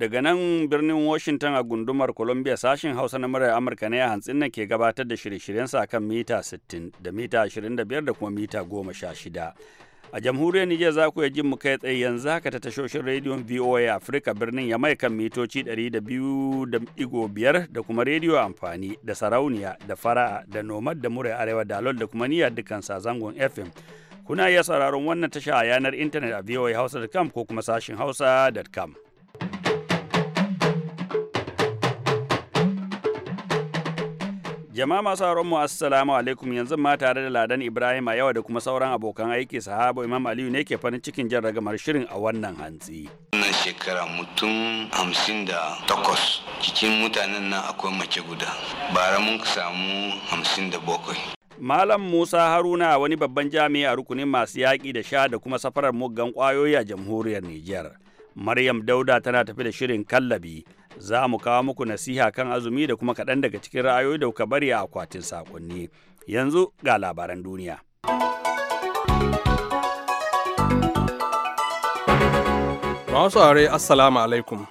Daga nan birnin Washington a gundumar Columbia sashen Hausa na murar Amurka ne a hantsin nan ke gabatar da shirye-shiryensa a kan mita 60 da mita 25 da kuma mita 16. A jamhuriyar Nijar za ku iya jin mu kai tsaye yanzu haka ta tashoshin rediyon VOA Africa birnin ya mai kan mitoci 200.5 da kuma rediyo amfani da sarauniya da fara'a da nomad da murai arewa da da kuma niyyar dukkan zangon FM. Kuna iya sauraron wannan tasha a yanar intanet a voahausa.com ko kuma sashin hausa.com. Jama'a masu sauran mu assalamu alaikum yanzu ma tare da Ladan Ibrahim a yawa da kuma sauran abokan aiki sahabo Imam Aliyu ne ke farin cikin jan ragamar shirin a wannan hantsi. Wannan shekara mutum hamsin da takwas cikin mutanen nan akwai mace guda bara mun samu hamsin da bakwai. Malam Musa Haruna wani babban jami'i a rukunin masu yaƙi da sha da kuma safarar muggan ƙwayoyi a jamhuriyar Nijar. Maryam Dauda tana tafi da shirin kallabi. za mu kawo muku nasiha kan azumi da kuma kaɗan daga cikin ra'ayoyi da kuka bari a akwatin saƙonni. Yanzu ga labaran duniya. Masu Assalamu alaikum.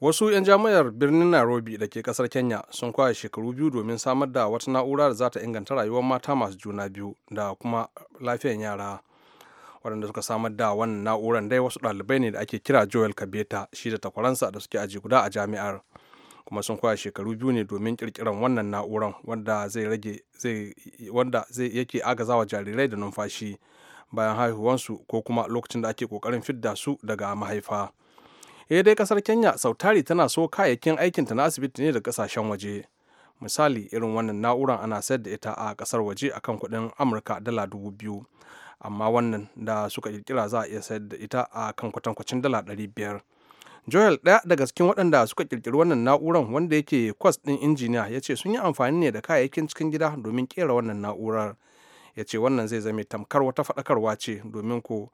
Wasu 'yan jami'ar birnin Nairobi da ke kasar Kenya sun kwaya shekaru biyu domin samar da wata na'ura da za ta inganta rayuwar mata masu juna biyu da kuma lafiyar yara. waɗanda suka samar da wannan na'urar dai wasu ɗalibai ne da ake kira joel kabeta shi da takwaransa da suke aji guda a jami'ar kuma sun koya shekaru biyu ne domin kirkirar wannan na'uran wanda zai rage wanda zai yake agazawa jarirai da numfashi bayan haihuwansu ko kuma lokacin da ake kokarin fidda su daga mahaifa eh dai kasar kenya sautari tana so kayayyakin aikinta na asibiti ne da kasashen waje misali irin wannan na'urar ana sayar da ita a kasar waje akan kuɗin amurka dala dubu biyu amma wannan da suka kirkira za a iya sayar da ita a kan kwatankwacin dala ɗari biyar. joel ɗaya daga cikin waɗanda suka kirkiri wannan na'urar wanda yake kwas ɗin injiniya ya ce sun yi amfani ne da kayayyakin cikin gida domin kera wannan na'urar ya ce wannan zai zame tamkar wata faɗakarwa ce domin ko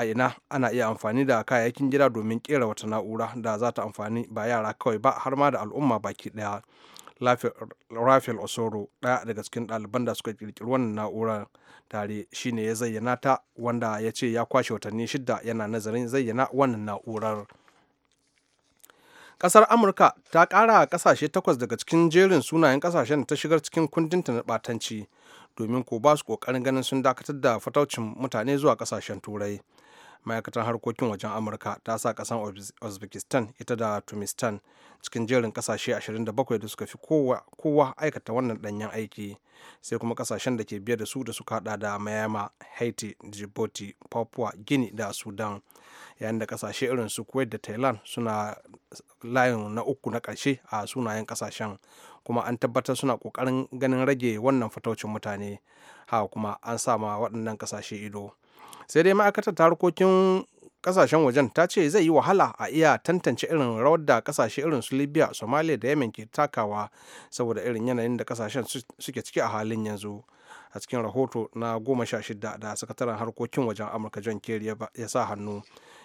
a ina ana iya amfani da kayayyakin gida domin kera wata na'ura da za ta amfani ba yara kawai ba har ma da al'umma baki daya rafael osoro daya daga cikin ɗaliban da suka kirkiri wannan na'ura tare shine ya zayyana ta wanda ya ce ya kwashe watanni shida yana nazarin zayyana wannan na'urar kasar amurka ta kara kasashe takwas daga cikin jerin sunayen kasashen da ta shigar cikin kundinta na batanci domin ko ba su kokarin ganin sun dakatar da fataucin mutane zuwa kasashen turai ma'aikatar harkokin wajen amurka ta sa kasan uzbekistan ita da tumistan cikin jerin kasashe 27 da suka fi kowa aikata wannan danyen aiki sai kuma kasashen da ke biye da su da suka hada da mayama haiti djibouti papua gini da sudan yayin da kasashe irin su kuwait da thailand suna layin na uku na karshe a sunayen kasashen kuma an tabbatar suna kokarin ganin rage wannan fataucin mutane ha kuma an sama waɗannan kasashe ido sai dai ma'aikatar ta harkokin kasashen wajen ta ce zai yi wahala a iya tantance irin rawar da kasashe irin su libya somalia da yemen ke takawa saboda irin yanayin da kasashen suke ciki a halin yanzu a cikin rahoto na goma sha shida da sakataren harkokin wajen amurka john kerry ya sa hannu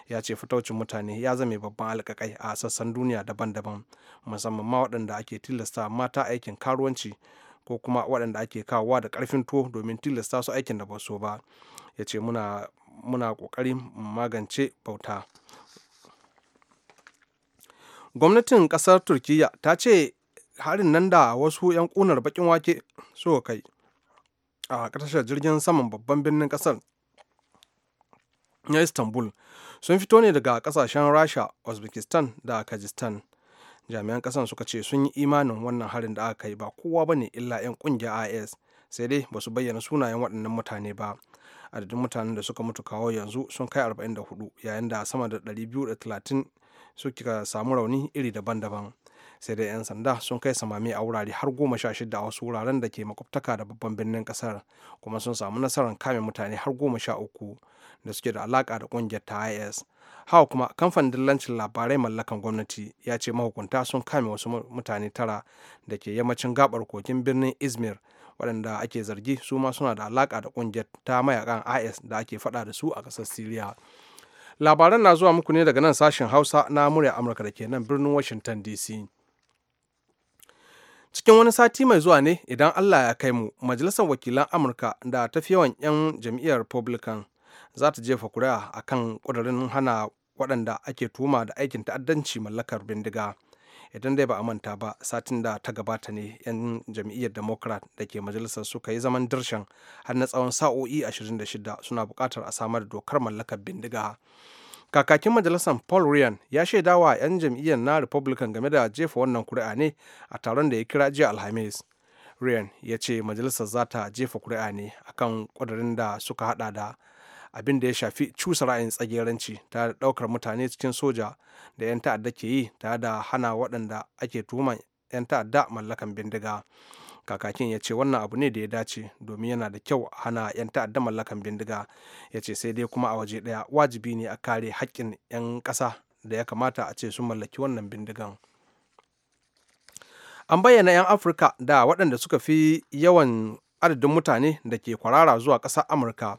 ya ce fitaucin mutane ya zame babban alkakai a sassan duniya daban-daban musamman ma waɗanda ake tilasta mata aikin karuwanci ko kuma waɗanda ake kawowa da ƙarfin tuwo domin tilasta su aikin da ba so ba ya ce muna muna ƙoƙarin magance bauta gwamnatin ƙasar turkiyya ta ce harin nan da wasu 'yan ƙunar bakin wake suka kai a ƙasashen jirgin saman babban birnin ƙasar na istanbul sun fito ne daga ƙasashen rasha uzbekistan da kajistan jami'an ƙasar suka ce sun yi imanin wannan harin da aka kai ba kowa ba ne illa 'yan ƙungiyar is sai dai ba su bayyana sunayen waɗannan mutane ba adadin mutanen da suka mutu kawo yanzu sun kai 44 yayin da sama da 230 suka samu rauni iri daban-daban sai dai 'yan sanda sun kai samami a wurare har goma sha shida a wasu wuraren da ke makwabtaka da babban birnin kasar kuma sun samu nasarar kame mutane har goma sha uku da suke da alaka da kungiyar ta is hawa kuma kamfanin dillancin labarai mallakan gwamnati ya ce mahukunta sun kame wasu mutane tara da ke yammacin gabar kogin birnin izmir waɗanda ake zargi su ma suna da alaƙa da ƙungiyar ta mayakan is da ake faɗa da su a ƙasar syria labaran na zuwa muku ne daga nan sashen hausa na murya amurka da ke nan birnin washington dc cikin wani sati mai zuwa ne idan allah ya kai mu majalisar wakilan amurka da tafi yawan 'yan jam'iyyar republican za ta jefa kuri'a akan kudurin hana waɗanda ake tuma da aikin ta'addanci mallakar bindiga idan dai ba a manta ba satin da ta gabata ne 'yan jam'iyyar democrat da ke majalisar suka yi zaman dirshan har na tsawon sa'o'i 26 suna buƙatar a samar da dokar mallakar bindiga kakakin majalisar paul ryan ya shaida wa 'yan jam'iyyar na republican game da jefa wannan kuri'a ne a taron da ya kira jiya alhamis ryan ya ce majalisar za ta jefa kuri'a ne akan kwadarin da suka hada da abin da ya shafi cusa ra'ayin tsageranci ta da ɗaukar mutane cikin soja da 'yan ta'adda ke yi tare da hana waɗanda ake tuhuman 'yan ta'adda mallakan bindiga kakakin ya ce wannan abu ne da ya dace domin yana da kyau a hana 'yan ta'adda mallakan bindiga ya ce sai dai kuma a waje ɗaya wajibi ne a kare haƙƙin 'yan ƙasa da ya kamata a ce sun mallaki wannan bindigan an bayyana 'yan afirka da waɗanda suka fi yawan adadin mutane da ke kwarara zuwa ƙasar amurka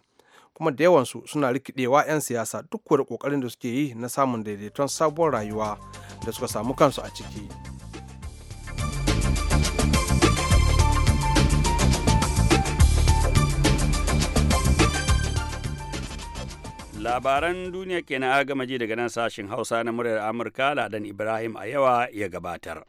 kuma da yawansu suna rikidewa 'yan siyasa duk kuwa kokarin da suke yi na samun daidaiton sabuwar rayuwa da suka samu kansu a ciki labaran duniya kenan gama ji daga nan sashen hausa na muryar amurka ladan ibrahim a yawa ya gabatar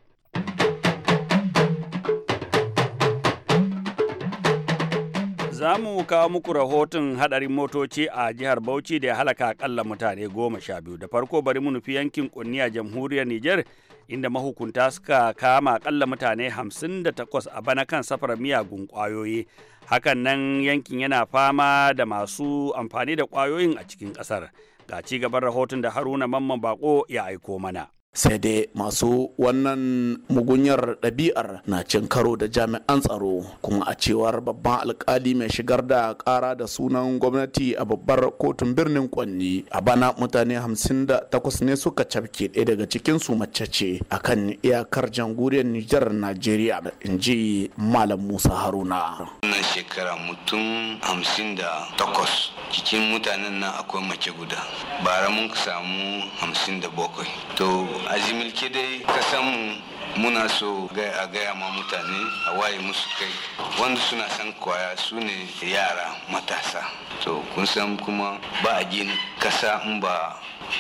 Za mu kawo muku rahoton hadarin motoci a jihar Bauchi da ya halaka akalla mutane goma sha biyu. Da farko bari mu nufi yankin kunniya jamhuriyar Nijar inda mahukunta suka kama akalla mutane hamsin da takwas a bana kan safarar miyagun kwayoyi. Hakan nan yankin yana fama da masu amfani da kwayoyin a cikin ƙasar. Ga ci gaban rahoton da Haruna Mamman Bako ya aiko mana. sai dai masu wannan mugunyar ɗabi'ar na cin karo da jami'an tsaro kuma a cewar babban alkali mai shigar da ƙara da sunan gwamnati a babbar kotun birnin kwanni a bana mutane 58 ne suka cafke ɗaya daga cikinsu mace ce a akan iyakar janguriyar nijar najeriya in ji malam musa haruna wannan shekara mutum 58 cikin mutanen nan akwai mace guda bara mun samu 57 to a jimilke dai kasanmu muna so a gaya ma mutane a waye musu kai wanda suna san kwaya su ne yara matasa to kun san kuma ba a gini kasa in ba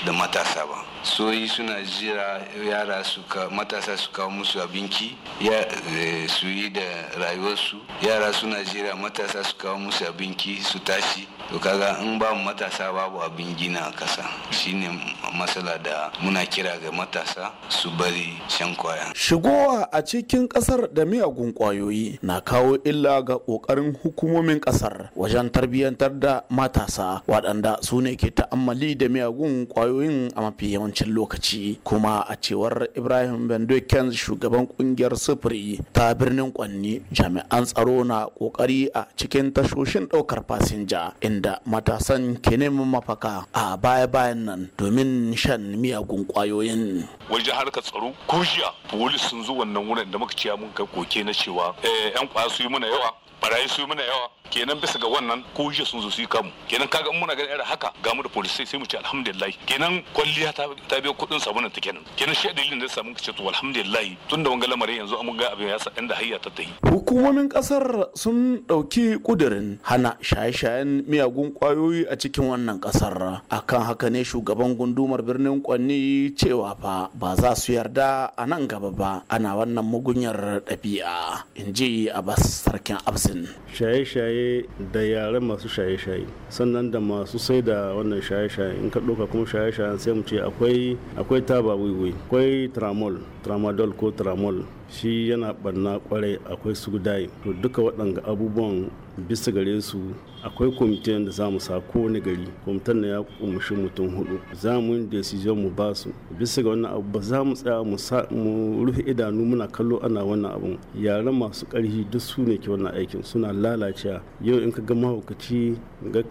da matasa ba soyi suna jira yara suka matasa su kawo musu abinci ya eh, su yi da rayuwarsu yara suna jira matasa su kawo musu abinci su tashi to kaga in ba matasa babu abin gina a kasa shine matsala da muna kira ga matasa su bari shan kwaya Shigowa a cikin ƙasar da miyagun ƙwayoyi na kawo illa ga ƙoƙarin hukumomin ƙasar wajen tarbiyyantar da matasa waɗanda su ne ke ta'ammali da miyagun ƙwayoyin a mafi yawancin lokaci. Kuma a cewar Ibrahim Bendoken shugaban ƙungiyar sufuri ta birnin Kwanni jami'an tsaro na ƙoƙari a cikin tashoshin ɗaukar fasinja inda matasan ke neman mafaka a baya-bayan nan domin shan miyagun ƙwayoyin. Wajen harkar tsaro, kujiya, polis sun zo wannan wurin da muka ciya mun kai koke na cewa yan eh, kwasu su yi muna yawa barayi su mana yawa kenan bisa ga wannan ko sun zo su yi kamu kenan kaga muna ganin irin haka ga mu da polisai sai mu ce alhamdulillah kenan kwalliya ta biyo kuɗin sabunan ta kenan kenan shi dalilin da ya samu kace to alhamdulillah tun da wanga lamarin yanzu an ga abin ya sa inda hayya ta tafi hukumomin kasar sun dauki kudirin hana shaye-shayen miyagun kwayoyi a cikin wannan kasar akan haka ne shugaban gundumar birnin kwanni cewa fa ba za su yarda a nan gaba ba ana wannan mugunyar ɗabi'a in ji a sarkin abs medicine shaye-shaye da yare masu shaye-shaye sannan da masu sai da wannan shaye-shaye in ka ɗauka kuma shaye-shaye sai mu ce akwai akwai taba wiwi akwai tramol tramadol ko tramol shi yana barna kwarai akwai sugudai to duka waɗanga abubuwan bisa gare su akwai kwamitin da za mu sa wani gari kwamitin na ya kumshi mutum hudu za mu yi decision mu ba su bisa ga wannan abu ba za mu tsaya mu rufe idanu muna kallo ana wannan abu yaran masu karhi duk su ne ke wannan aikin suna lalacewa yau in ka ga mahaukaci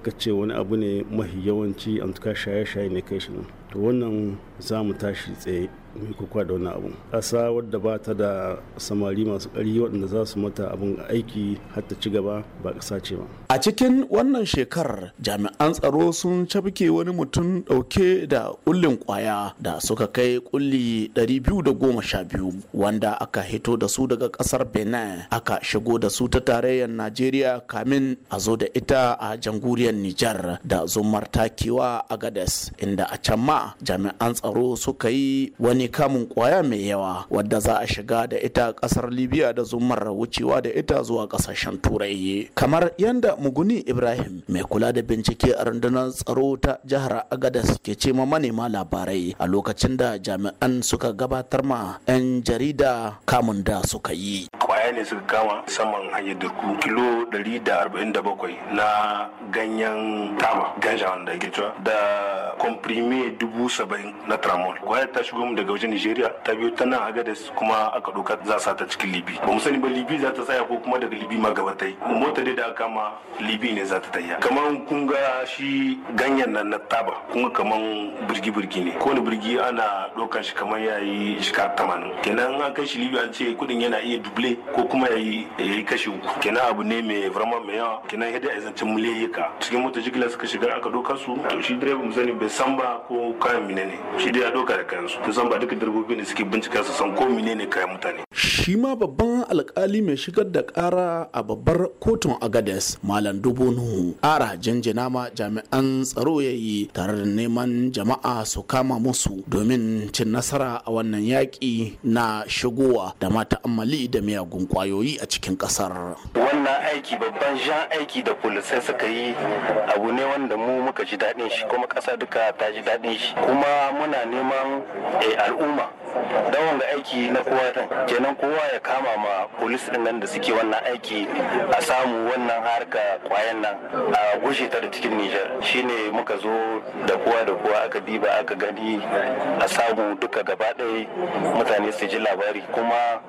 ka ce wani abu ne mahi yawanci an tuka shaye-shaye ne kai shi to wannan za mu tashi tsaye mai kuka da wannan abun ƙasa wadda ba ta da samari masu ƙari waɗanda za su mata abun aiki har ta ci gaba ba ƙasa ce ba a cikin wannan shekarar jami'an tsaro sun cafke wani mutum ɗauke da ƙullin ƙwaya da suka kai ƙulli 212 wanda aka hito da su daga ƙasar benin aka shigo da su ta tarayyar najeriya kamin a zo da ita a janguriyar nijar da zumar takewa a gadas inda a can ma jami'an tsaro suka yi wani kamun kwaya mai yawa wadda za a shiga da ita kasar libya da zumar wucewa da ita zuwa kasashen turai kamar yadda muguni ibrahim mai kula da bincike a rundunar tsaro ta jihar agadas ke ce ma manema labarai a lokacin da jami'an suka gabatar ma 'yan jarida kamun da suka yi kaya ne suka kama saman hanyar durku kilo 147 na ganyen taba ganja wanda ake cewa da komprime dubu na tramol kwayar ta shigo mu daga wajen nigeria ta biyu ta nan agades kuma aka doka za sa ta cikin libi ba mu sani ba libi za ta tsaya ko kuma daga libi ma gaba ta yi mota dai da aka kama libi ne za ta tayya kamar kun ga shi ganyen nan na taba kun kamar birgi-birgi ne kowane birgi ana ɗaukar shi kamar yayi shika tamanin kenan an kai shi libi an ce kuɗin yana iya duble ko kuma yayi yayi kashi uku kenan abu ne mai vraiment mai yawa kenan hidda ya zancen miliyayyaka cikin mota jigila suka shiga aka doka su to shi direba mu sani bai san ba ko kayan ne shi dai ya doka da kayan su san ba duka direbobi ne suke bincika su san ko menene kayan mutane shi ma babban alkali mai shigar da kara a babbar kotun agades malam dubu nuhu ara janjina ma jami'an tsaro ya yi tare da neman jama'a su kama musu domin cin nasara a wannan yaƙi na shigowa da mata ammali da miyagun kwayoyi a cikin kasar. Wannan aiki babban jan aiki da polisai suka yi abu ne wanda mu muka ji daɗin shi kuma ƙasa duka ta ji daɗin shi kuma muna neman eh, al'umma don wanga aiki na kowa kenan kowa ya kama ma polis din nan da suke wannan aiki a samu wannan harka kwayan nan a gushe ta da cikin Nijar shine muka zo da kowa da kowa aka diba aka gani a samu duka gaba ɗaya mutane su ji labari kuma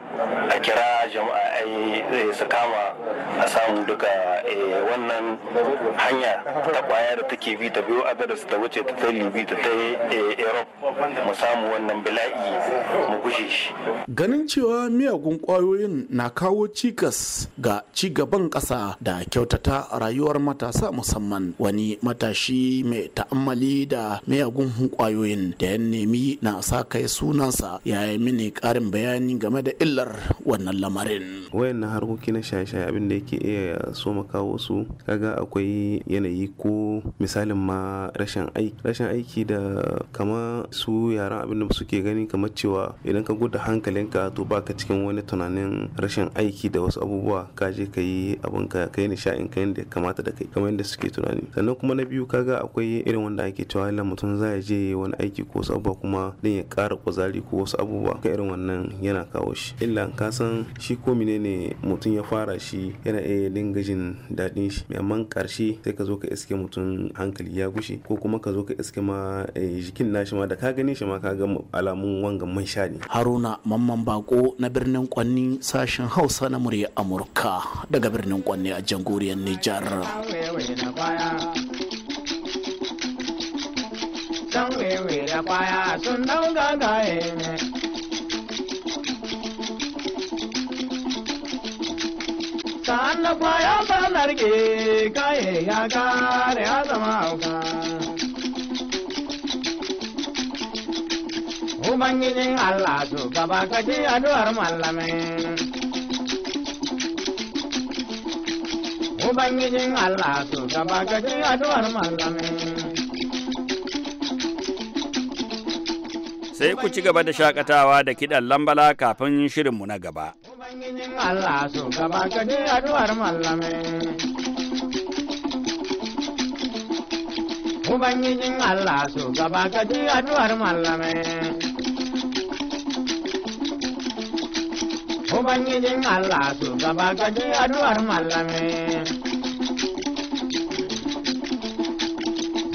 a kira jama'a eh, su kama a samu duka eh, wannan hanya ta kwaya da take bi ta biyo su ta wuce ta ta libi ta ta eh, europe mu samu wannan bila'i mu gushe shi ganin cewa miyagun kwayoyin na kawo cikas ga ci gaban ƙasa da kyautata rayuwar matasa musamman wani matashi mai ta'ammali da miyagun kwayoyin da ya nemi na sa kai sunansa ya mini ƙarin bayani game da illar wannan lamarin wayannan harkoki na shaye-shaye abin da yake iya so kawo su kaga akwai yanayi ko misalin ma rashin aiki rashin aiki da kama su yaran abin da suke gani kamar cewa idan ka gudu hankalinka to baka cikin wani tunanin rashin aiki da wasu abubuwa ka je ka yi abin ka kai nishaɗin ka yadda kamata da kai kamar yadda suke tunani sannan kuma na biyu kaga akwai irin wanda ake cewa la mutum za ya je wani aiki ko wasu abubuwa kuma din ya ƙara kuzari ko wasu abubuwa ka irin wannan yana kawo shi illa ka san shi ko menene mutum ya fara shi yana iya dinga jin daɗin shi amma ƙarshe sai ka zo ka iske mutum hankali ya gushe ko kuma ka zo ka iske ma eh, jikin nashi ma da ka gane shi ma ka ga alamun wanga abin mun sha ne haruna mamman bako na birnin kwanni sashen hausa na murya amurka daga birnin kwanni a jangoriyar nijar Sanna kwaya sanar ke kai ya kare ya zama auka. Ubangijin Allah su gaba kaji addu'ar mallame. Ubangijin Allah su gaba kaji a addu'ar mallame. Sai ku ci gaba da shakatawa da kiɗan lambala kafin shirinmu na gaba. Ubangijin Allah su gaba kaji ji addu'ar mallame. Ubangijin Allah su gaba kaji a addu'ar mallame. Ubangijin Allah su gaba gaji addu'ar mallame.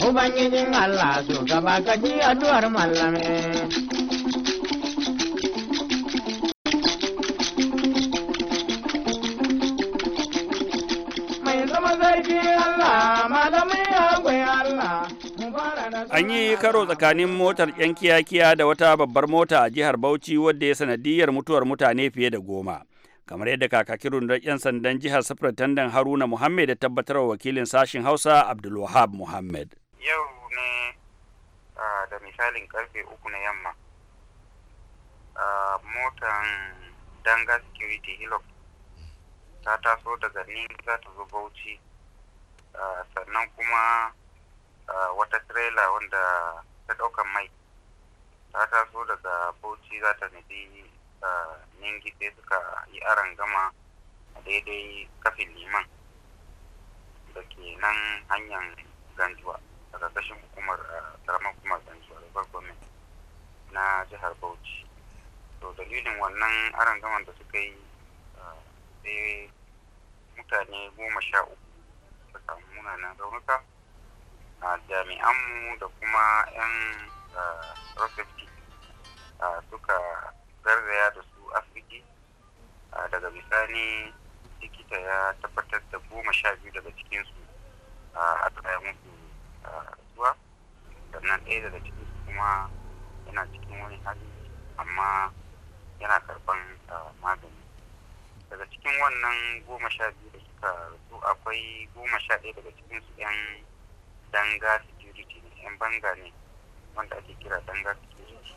Ubangijin Allah su gaba gaji addu'ar mallame. An yi karo tsakanin motar 'yan kiyakiya da wata babbar mota a jihar Bauchi wadda ya sanadiyar mutuwar mutane fiye da goma. Kamar yadda kakakin rundunar 'yan sandan jihar sufratandan Haruna muhammed da tabbatarwa wakilin sashen Hausa Abdulwahab muhammed. Yau ne da misalin karfe uku na yamma. Motan Danga Security Hillock ta taso daga ni za ta zo Bauchi. wanda ta ɗaukan mai ta taso daga bauchi za ta nufi ningi sai suka yi aron gama a daidai kafin liman da ke nan hanyar ganjuwa a ƙarƙashin hukumar karamar hukumar ganjuwa da gwamnati na jihar bauchi to dalilin wannan aron gaman da suka yi sai mutane goma sha uku da samu munanan raunuka jami'anmu da kuma 'yan eh, rosafti suka garzaya da su Afirki, daga bisani likita ya tabbatar da goma sha biyu daga cikinsu a tsaye musu zuwa sannan ɗaya daga cikinsu kuma yana cikin wani hali amma yana karban magani daga cikin wannan goma sha biyu da suka rasu akwai goma sha ɗaya daga cikinsu 'yan danga security ne yan banga ne wanda ake kira danga security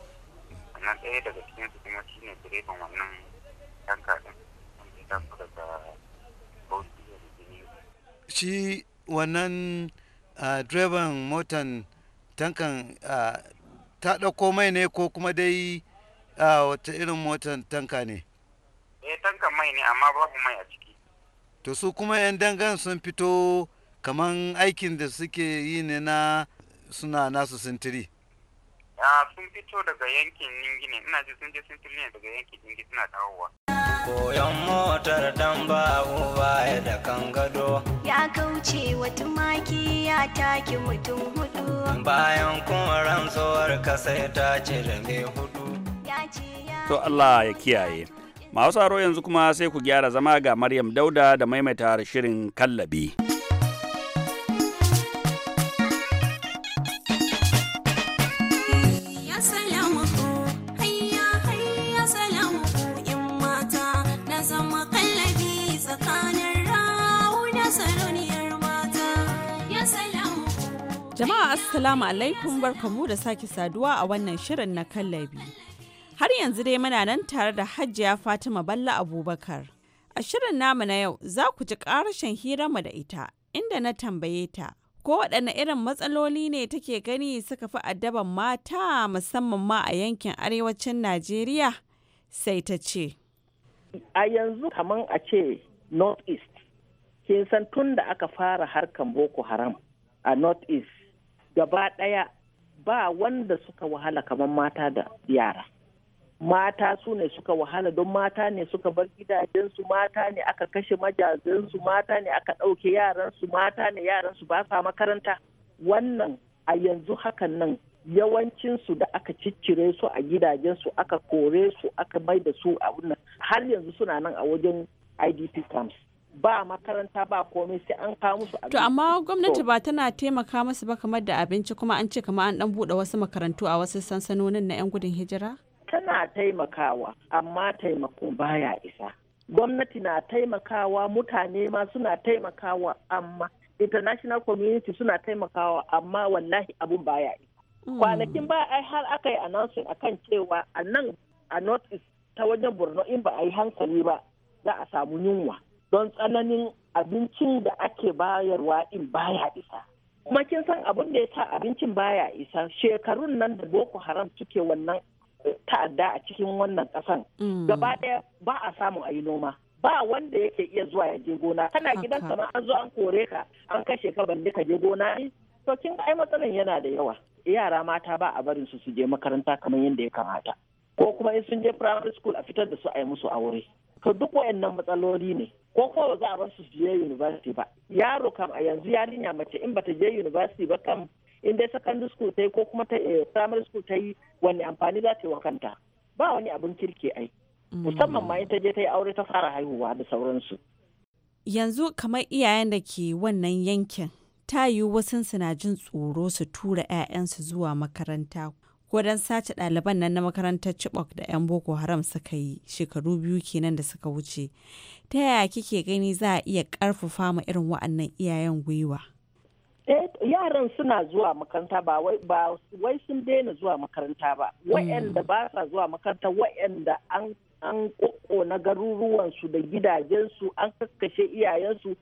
sannan ɗaya daga cikin su kuma shine direban wannan tanka din wanda ya tafi daga bauchi da shi wannan direban motan tankan ta ɗauko mai ne ko kuma dai wata irin motan tanka ne eh tankan mai ne amma babu mai a ciki to su kuma 'yan dangan sun fito kaman aikin da suke yi ne na suna nasu sintiri sun fito daga yankin ningine ina ji sun je sintiri ne daga yankin ningi suna dawowa koyon motar dan babu baya da kan gado ya kauce wa tumaki ya take mutum hudu bayan kuma rantsuwar kasa ta da mai hudu to Allah ya kiyaye masu aro yanzu kuma sai ku gyara zama ga Maryam Dauda da maimaita shirin kallabi. Assalamu alaikum barkamu da sake saduwa a wannan shirin na kallabi. Har yanzu dai muna nan tare da hajjiya Fatima Balla Abubakar. A shirin namu na yau za ku ji ƙarashin hiranmu da ita inda na tambaye ta ko waɗanne irin matsaloli ne take gani suka fi addaban mata musamman ma a yankin arewacin Najeriya sai ta ce. A yanzu kamar a ce North East, kin san tun da aka fara harkan Boko Haram a North East gaba ɗaya ba wanda suka wahala kamar mata da yara mata su ne suka wahala don mata ne suka bar gidajensu mata ne aka kashe majazinsu mata ne aka ɗauke yaransu mata ne yaransu ba sa makaranta wannan a yanzu hakan nan yawancinsu da aka ciccire su a gidajensu aka kore su aka mai da su a wannan har yanzu suna nan a wajen idp camps ba makaranta ba komai sai an kawo musu abinci. To amma gwamnati ba tana taimaka musu ba kamar da abinci kuma an ce kamar an dan bude wasu makarantu a wasu sansanonin na 'yan gudun hijira? Tana taimakawa amma taimako baya isa. Gwamnati na taimakawa mutane ma suna taimakawa amma international community suna taimakawa amma wallahi abun baya isa. Mm. Kwanakin ba ai har aka yi announcing akan cewa a nan a North ta wajen Borno in ba a yi hankali ba za a samu yunwa. don tsananin abincin da ake bayarwa in baya isa kuma kin san abin da ya sa abincin baya isa shekarun nan da boko haram suke wannan eh, ta'adda a cikin wannan kasan mm. gaba ɗaya ba a samu a yi noma ba wanda yake iya zuwa ya je gona kana gidan ma an zo an kore ka an kashe ka balle ka je gona ne to kin ai matsalan yana da yawa yara mata ba a barin su su je makaranta kamar yadda ya kamata ko kuma in sun je primary school a fitar da su a yi musu aure to duk wayannan matsaloli ne ko ko ba za a bar su je university ba yaro kam a yanzu yarinya mace in bata je university ba kam in dai secondary school ta yi ko kuma ta eh, primary school ta yi wani amfani za ta yi wa kanta ba wani abin kirke ai mm. musamman ma in ta je ta yi aure ta fara haihuwa da sauransu yanzu kamar iyayen da ke wannan yankin ta yi wasu suna jin tsoro su tura 'ya'yansu zuwa makaranta wajen sace ɗaliban nan na makarantar Chibok da 'yan Boko Haram suka yi shekaru biyu kenan da suka wuce. Ta yaya kike gani za a iya ƙarfafa ma irin wa'annan iyayen gwiwa? Eh, yaran suna zuwa makaranta ba wai sun daina zuwa makaranta ba mm. Wa'yanda ba sa zuwa makaranta wa'yanda an an na garuruwansu da gidajensu an kakkashe iyayensu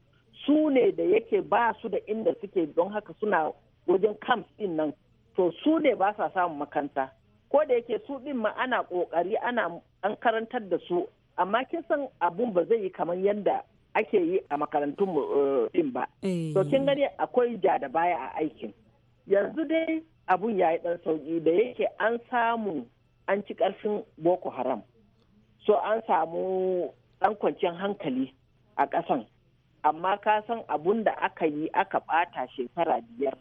su ne da yake ba su da inda suke don haka suna wajen camps din nan to su ne ba sa samun makanta ko da yake su din ma ana kokari ana an karantar da su amma kin san abun ba zai yi kamar yadda ake yi a makarantun eh, din ba eh. to kin gani akwai ja da baya a aikin yanzu dai abun ya yi dan sauki da yake an samu an ci karfin boko haram so an samu dan kwanciyar hankali a ƙasan amma ka san abun da aka yi aka ɓata shekara biyar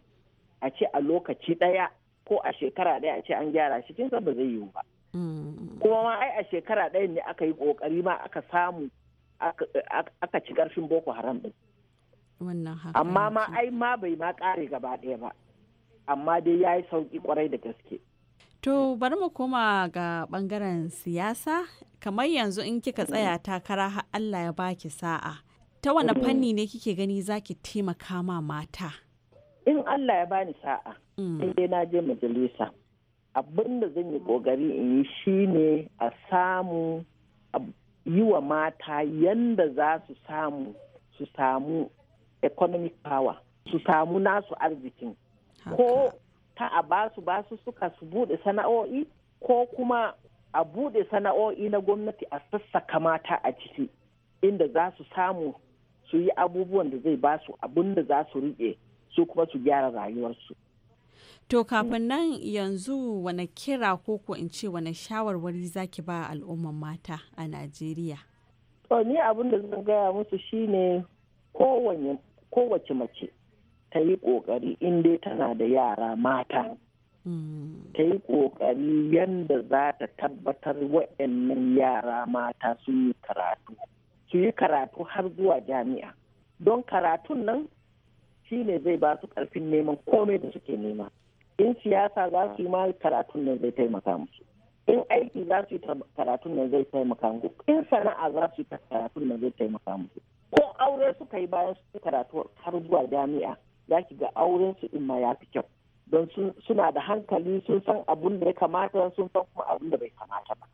a ce a lokaci ɗaya ko a shekara ɗaya a ce an gyara shi kin ba zai yiwu ba mm. kuma ma ai a shekara ɗaya ne aka yi ƙoƙari ma aka samu aka ci ƙarfin boko haram ɗin amma ma ai ma bai ma ƙare gaba ɗaya ba amma dai ya yi sauƙi ƙwarai da gaske To bari mu koma ga ɓangaren siyasa kamar yanzu in kika tsaya takara har Allah ya baki sa'a ta wani mm. fanni ne kike gani zaki taimaka ma mata? in Allah ya bani sa'a mm. in dai na je majalisa abinda zan yi kokari in yi shine a samu yi wa mata yanda za su samu su samu economic power su samu nasu arzikin ko ta a basu basu suka su bude sana'o'i ko kuma a bude sana'o'i na gwamnati a sassaka mata a ciki inda za su samu su yi abubuwan da zai basu abin da za su riƙe su kuma su gyara rayuwarsu to kafin nan yanzu wani kira ko ko in ce wani shawarwari zaki ba al'umman mata a najeriya to ni abin da zan gaya musu shine kowace mace ta yi kokari in dai tana da yara mata mm. ta yi kokari yadda za ta tabbatar waɗannan yara mata sun yi karatu su yi karatu har zuwa jami'a don karatun nan shi ne zai ba su karfin neman komai da suke nema in siyasa za su yi ma karatun nan zai taimaka musu in aiki za su yi karatun nan zai taimaka musu in sana'a za su yi karatun nan zai taimaka musu ko aure suka yi bayan su karatu har zuwa jami'a za ki ga auren su in ma ya fi kyau don suna da hankali sun san abun da ya kamata sun san kuma abun da bai kamata ba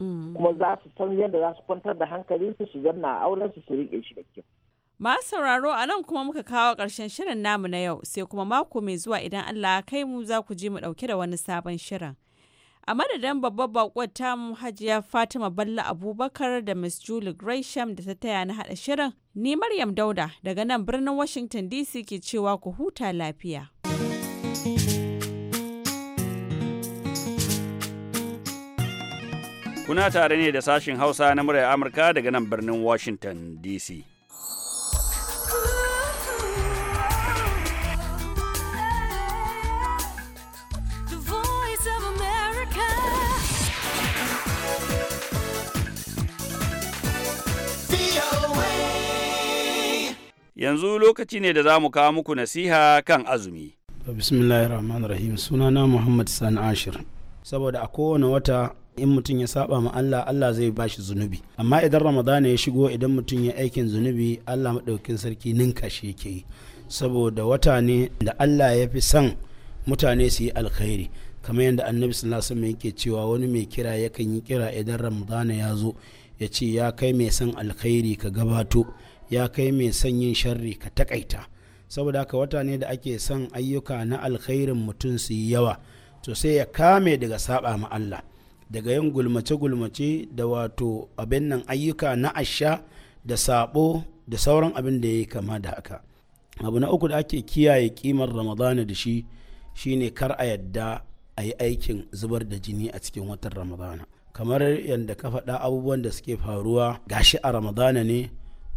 mm. kuma za su san yadda za su kwantar da hankalin su su zanna auren su su riƙe shi da kyau Masu sauraro a nan kuma muka kawo ƙarshen shirin namu na yau sai kuma mako mai zuwa idan Allah kai mu za ku ji mu ɗauke da wani sabon shirin. A madadin babbar baƙuwar tamu hajiya Fatima balla Abubakar da Miss Julie Gresham da ta taya na haɗa shirin, ni Maryam Dauda daga nan birnin Washington DC ke cewa ku huta lafiya. Kuna tare ne da sashin Hausa na muryar Amurka daga nan birnin Washington DC. yanzu lokaci ne da za mu kawo muku nasiha kan azumi. Bismillahirrahmanirrahim sunana Muhammad Sani Ashir. Saboda a kowane wata in mutum ya saba ma Allah Allah zai ba shi zunubi amma idan Ramadana ya shigo idan mutum ya aikin zunubi Allah maɗaukin sarki ninka shi yake yi saboda wata ne da Allah ya fi son mutane su yi alkhairi kamar yadda annabi sallallahu alaihi wasallam yake cewa wani mai kira yakan yi kira idan Ramadana ya zo ya ce ya kai mai san alkhairi ka gabato ya kai mai son yin sharri ka takaita saboda haka wata ne da ake son ayyuka na alkhairin mutum su yi yawa to sai ya kame daga saba ma Allah daga yin gulmace-gulmace da wato abin nan ayyuka na asha da sabo da sauran abin da ya yi kama da haka abu na uku da ake kiyaye kimar ramadana da shi shine kar a yadda a yi aikin zubar da jini a cikin watan ramadana kamar yadda ka faɗa abubuwan da suke faruwa gashi a ramadana ne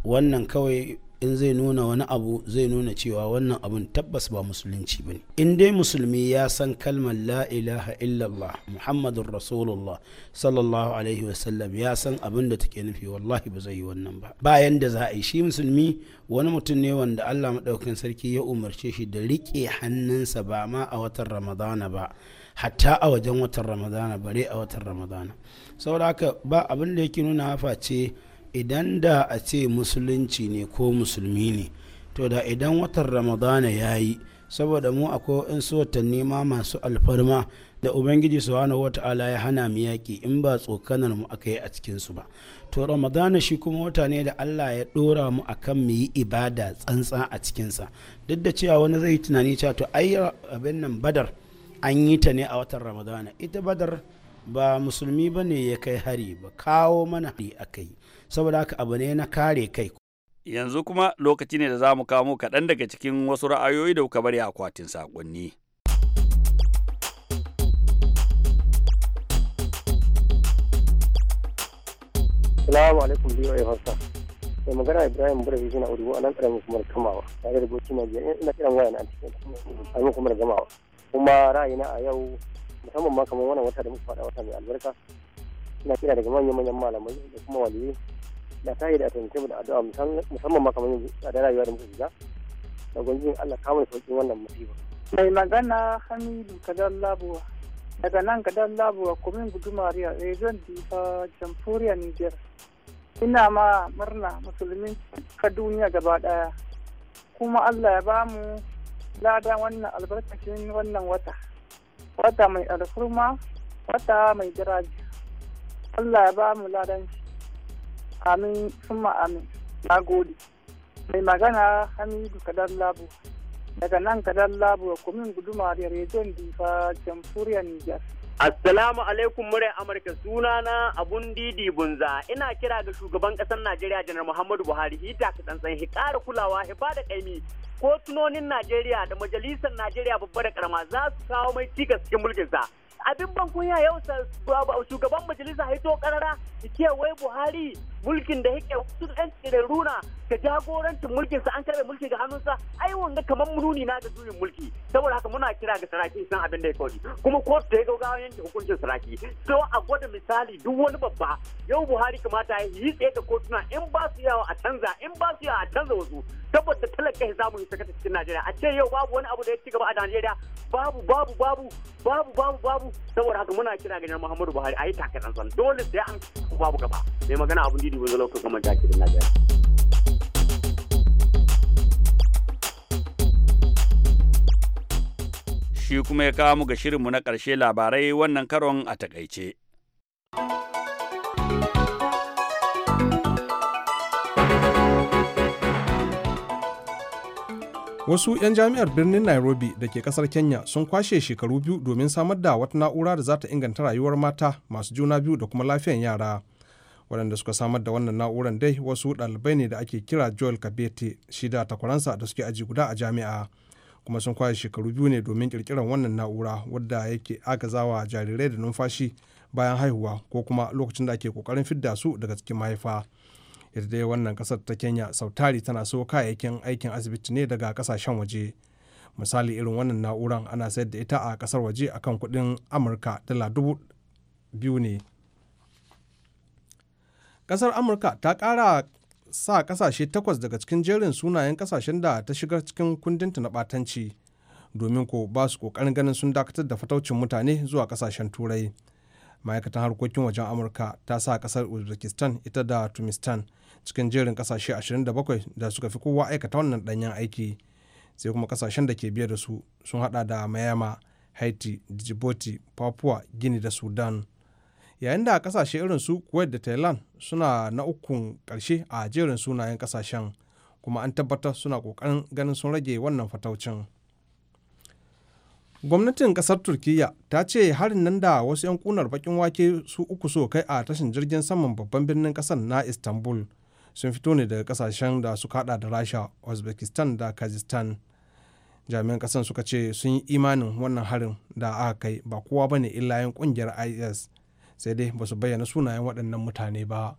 wannan kawai in zai nuna wani abu zai nuna cewa wannan abun tabbas ba musulunci ba ne in dai musulmi ya san kalmar la ilaha illallah muhammadun rasulullah sallallahu alaihi wasallam ya san abin da take nufi wallahi ba zai yi wannan ba bayan da za a yi shi musulmi wani mutum ne wanda allah maɗaukin sarki ya umarce shi da riƙe hannunsa ba ma a watan ramadana ba hatta a wajen watan ramadana bare a watan ramadana saboda haka ba abin da yake nuna hafa ce idan da a ce musulunci ne ko musulmi ne to da idan watan ramadana ya yi saboda mu akwai waɗansu watanni ma masu alfarma da ubangiji su wata wata'ala ya hana mu yaƙi in ba tsokanar mu aka yi a cikinsu ba to ramadana shi kuma wata ne da allah ya ɗora mu akan mu yi ibada tsantsa a cikinsa duk da cewa wani zai tunani cewa to ai abin nan badar an yi ta ne a watan ramadana ita badar ba musulmi ba ne ya kai hari ba kawo mana hari aka yi saboda haka abu ne na kare kai yanzu kuma lokaci ne da za mu kamo kaɗan daga cikin wasu ra'ayoyi da kuka bari a akwatin saƙonni. Salamu alaikum biyu a Hausa. Mai magana Ibrahim Burafi shi na Urugu a nan ƙaramin kuma kamawa tare da Bauchi Najeriya ina kiran waya na a cikin ƙaramin kuma gamawa. Kuma ra'ayina a yau musamman ma kamar wannan wata da muka faɗa wata mai albarka. Ina kira daga manyan manyan malamai da kuma waliyai da ta yi da taimake mu da addu'a musamman maka mun yanzu a da rayuwa da muka shiga da gwamnatin Allah kamun sauƙin wannan musiba. Mai magana Hamidu Kadar Labuwa daga nan Kadar Labuwa kumin gudumariya region eh, Difa Jamhuriyar Niger. Ina ma murna musulmin ka duniya gaba daya Kuma Allah ya ba mu lada wannan albarkacin wannan wata. Wata mai alfurma, wata mai jiraji. Allah ya ba mu ladanci Amin, sun amin. Na gode. Mai magana Hamidu Kadan Labu. Daga nan Kadan Labu a kumin guduma da rejon Difa, jamfuriya Nijar. Assalamu alaikum murai Amurka Suna na abun didi bunza ina kira ga shugaban kasar Najeriya janar Muhammadu Buhari hita ka tsantsan hi kara kulawa hi ba kaimi kotunonin Najeriya da majalisar Najeriya babbar da karama za su kawo mai cikas cikin mulkin sa abin ban kunya yau shugaban majalisa haito karara ke wai Buhari mulkin da yake kusurkanci da runa ga jagorancin mulkinsa an karbe mulki ga hannunsa ai wanda kamar muruni na da juyin mulki saboda haka muna kira ga saraki san abin da ya kori kuma kotu da ya ga gaugawa yanke hukuncin saraki to a gwada misali duk wani babba yau buhari kamata ya yi tsaye ga kotuna in ba su yawa a canza in ba su yawa a canza wasu saboda talaka ya samu isa kata cikin najeriya a ce yau babu wani abu da ya ci gaba a najeriya babu babu babu babu babu babu saboda haka muna kira ga muhammadu buhari a yi takaransa dole sai an babu gaba mai magana abu wani lokacin kuma da Shi kuma ya kawo mu ga shirinmu na ƙarshe labarai wannan karon a takaice. Wasu 'yan jami'ar birnin Nairobi da ke kasar Kenya sun kwashe shekaru biyu domin samar da wata na'ura da za ta inganta rayuwar mata masu juna biyu da kuma lafiyan yara. waɗanda suka samar da wannan na'urar dai wasu ɗalibai ne da ake kira joel kabete shida da takwaransa da suke aji guda a jami'a kuma sun kwashe shekaru biyu ne domin ƙirƙirar wannan na'ura wadda yake agazawa jarirai da numfashi bayan haihuwa ko kuma lokacin da ake ƙoƙarin fidda su daga cikin mahaifa yadda dai wannan ƙasar ta kenya sautari tana so kayayyakin aikin asibiti ne daga ƙasashen waje misali irin wannan na'uran ana sayar da ita a ƙasar waje akan kuɗin amurka dala dubu biyu ne kasar amurka ta kara sa kasashe takwas daga cikin jerin sunayen kasashen da ta shiga cikin kundinta na batanci domin ko ba su kokarin ganin sun dakatar da fataucin mutane zuwa kasashen turai ma'aikatan harkokin wajen amurka ta sa kasar uzbekistan ita da tumistan cikin jerin kasashe 27 da suka fi kowa aikata wannan danyen aiki sai kuma kasashen da ke biye da su sun hada da mayama haiti djibouti papua gini da sudan yayin da kasashe irin su kuwait da thailand suna na ukun karshe a jerin sunayen kasashen kuma an tabbatar suna kokarin ganin sun rage wannan fataucin gwamnatin kasar turkiyya ta ce harin nan da wasu 'yan kunar bakin wake su uku so kai a tashin jirgin saman babban birnin kasar na istanbul sun fito ne daga kasashen da suka hada da rasha uzbekistan da kazakhstan jami'an kasan suka ce sun yi imanin wannan harin da aka kai ba kowa bane illa yan kungiyar is sai dai ba su bayyana sunayen waɗannan mutane ba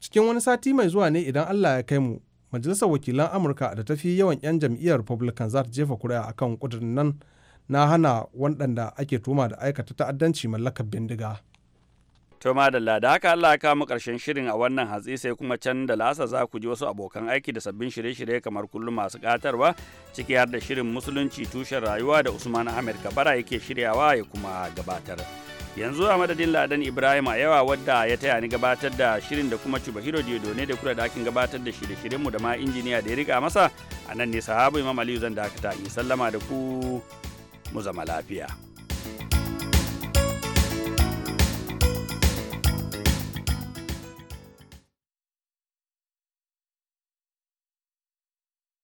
cikin wani sati mai zuwa ne idan allah ya kai mu majalisar wakilan amurka da ta fi yawan 'yan jam'iyyar republican za ta jefa kuri'a akan kudurin nan na hana waɗanda ake tuma da aikata ta'addanci mallakar bindiga To madalla da haka Allah ya kama karshen shirin a wannan hatsi sai kuma can da lasa za ku ji wasu abokan aiki da sabbin shirye-shirye kamar kullum masu katarwa ciki har da shirin musulunci tushen rayuwa da Usman Ahmed Kabara yake shiryawa ya kuma gabatar. Yanzu a madadin Ladan Ibrahim a yawa wadda ya taya ni gabatar da shirin da kuma Cuba Hiro ne da kula da akin gabatar da shirye-shiryenmu da ma injiniya da ya rika masa a nan ne sahabu Imam Aliyu zan dakata in sallama da ku mu zama lafiya.